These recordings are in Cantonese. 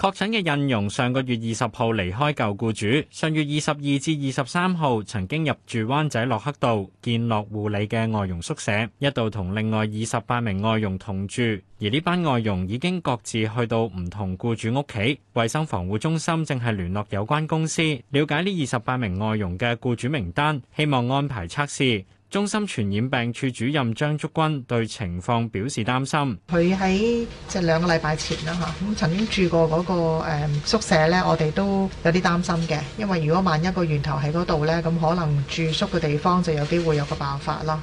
確診嘅印傭上個月二十號離開舊雇主，上月二十二至二十三號曾經入住灣仔駱克道建樂護理嘅外傭宿舍，一度同另外二十八名外傭同住，而呢班外傭已經各自去到唔同雇主屋企。衞生防護中心正係聯絡有關公司，了解呢二十八名外傭嘅雇主名單，希望安排測試。中心傳染病處主任張竹君對情況表示擔心。佢喺即兩個禮拜前啦嚇，咁曾經住過嗰個宿舍咧，我哋都有啲擔心嘅，因為如果萬一個源頭喺嗰度咧，咁可能住宿嘅地方就有機會有個爆發啦。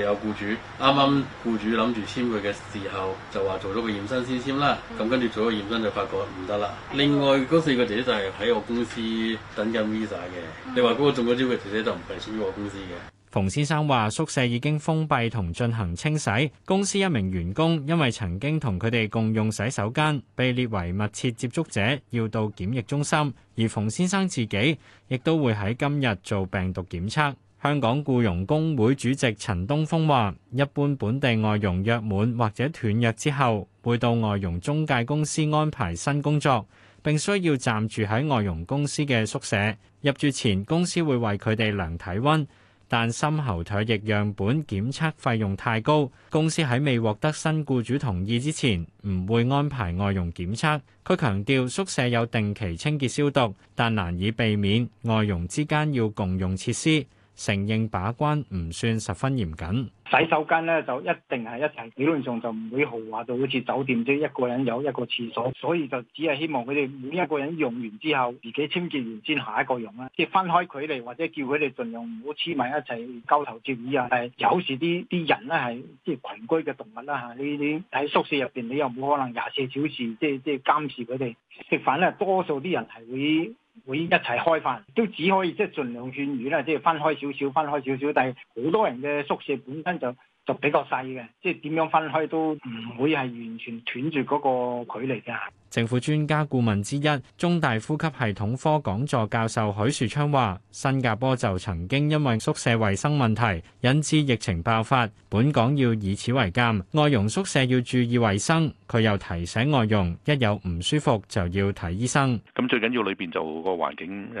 有雇主啱啱雇主諗住簽佢嘅時候，就話做咗個驗身先簽啦。咁跟住做咗個驗身就發覺唔得啦。的另外嗰四個姐姐就係喺我公司等緊 visa 嘅。的你話嗰個中咗招嘅姐姐就唔係屬於我公司嘅。馮先生話宿舍已經封閉同進行清洗。公司一名員工因為曾經同佢哋共用洗手間被列為密切接觸者，要到檢疫中心。而馮先生自己亦都會喺今日做病毒檢測。香港雇傭工會主席陳東峰話，一般本地外傭約滿或者斷約之後，會到外傭中介公司安排新工作，并需要暫住喺外傭公司嘅宿舍。入住前，公司會為佢哋量體温，但深喉唾液樣本檢測費用太高，公司喺未獲得新雇主同意之前，唔會安排外傭檢測。佢強調，宿舍有定期清潔消毒，但難以避免外傭之間要共用設施。承認把關唔算十分嚴謹，洗手間咧就一定係一齊，理論上就唔會豪華到好似酒店，即係一個人有一個廁所，所以就只係希望佢哋每一個人用完之後自己清潔完先下一個用啦，即係分開距離或者叫佢哋盡量唔好黐埋一齊交頭接耳。係有時啲啲人咧係即係群居嘅動物啦吓，呢啲喺宿舍入邊你又冇可能廿四小時即係即係監視佢哋食飯咧，多數啲人係會。會一齊開飯，都只可以即係盡量勸語啦，即係分開少少，分開少少。但係好多人嘅宿舍本身就就比較細嘅，即係點樣分開都唔會係完全斷住嗰個距離㗎。政府專家顧問之一、中大呼吸系統科講座教授許樹昌話，新加坡就曾經因為宿舍衞生問題引致疫情爆發，本港要以此為鑑，外傭宿舍要注意衞生。佢又提醒外傭，一有唔舒服就要睇醫生。咁最緊要裏邊就個環境誒，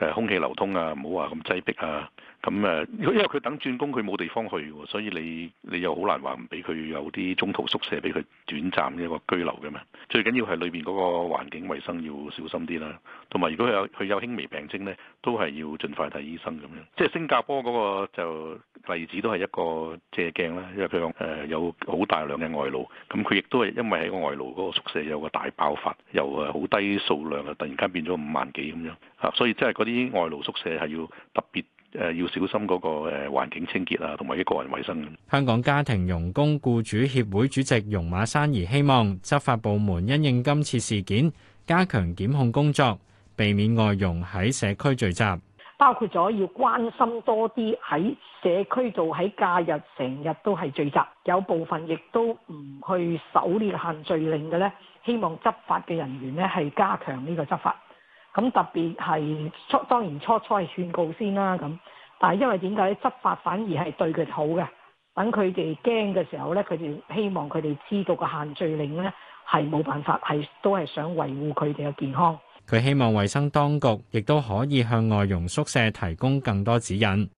要誒空氣流通啊，唔好話咁擠迫啊。咁誒，因為佢等轉工，佢冇地方去，所以你你又好難話唔俾佢有啲中途宿舍俾佢短暫一個居留嘅嘛。最緊要係裏邊嗰個環境衞生要小心啲啦。同埋如果佢有佢有輕微病徵咧，都係要盡快睇醫生咁樣。即係新加坡嗰個就。例子都係一個借鏡啦，因為譬如講誒有好大量嘅外勞，咁佢亦都係因為喺外勞嗰個宿舍有個大爆發，又誒好低數量啊，突然間變咗五萬幾咁樣，嚇、嗯！所以即係嗰啲外勞宿舍係要特別誒、呃、要小心嗰個誒環境清潔啊，同埋啲個人衞生。香港家庭傭工雇主協會主席容馬珊兒希望執法部門因應今次事件加強檢控工作，避免外傭喺社區聚集。包括咗要關心多啲喺社區度喺假日成日都係聚集，有部分亦都唔去守呢個限聚令嘅呢，希望執法嘅人員呢係加強呢個執法。咁特別係初當然初初係勸告先啦，咁但係因為點解執法反而係對佢好嘅？等佢哋驚嘅時候呢，佢哋希望佢哋知道個限聚令呢係冇辦法，係都係想維護佢哋嘅健康。佢希望衛生當局亦都可以向外傭宿舍提供更多指引。